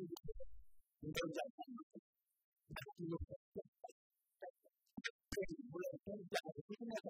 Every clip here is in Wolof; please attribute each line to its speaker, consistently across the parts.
Speaker 1: Thank you.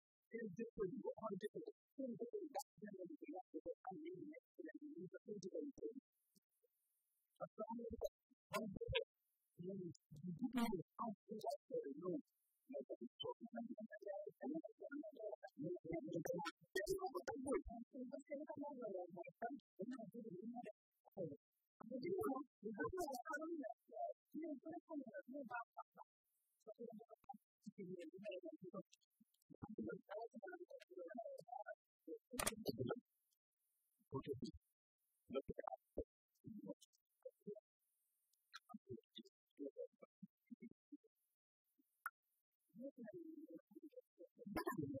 Speaker 1: muita, porque você não está trabalhando, mas está na vida de uma coisa. Então, então, eu falo isso, que eu estou falando, não vai passar. Só que eu não vou passar. Se eu não vai passar, eu não vou passar. Porque eu não vou passar. Thank you.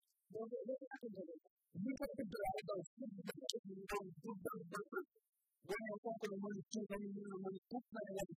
Speaker 1: Thank you.